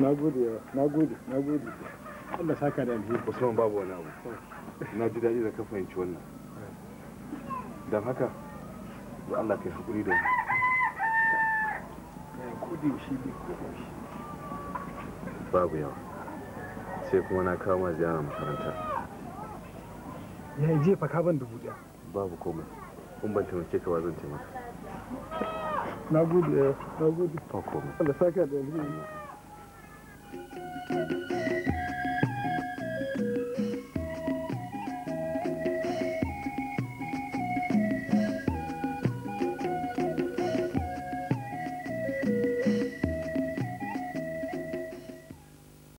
na gode na gode na gode Allah saka da alheri Usman babu wani abu na ji daɗi da ka fahimci wannan don haka ba Allah kai haƙuri da shi. babu yawa sai kuma na kama ziyara makaranta ya yi jefa kaban dubu ɗaya babu komai in ban taimake ka ba zan taimaka na gode na gode ba komai Allah saka da alheri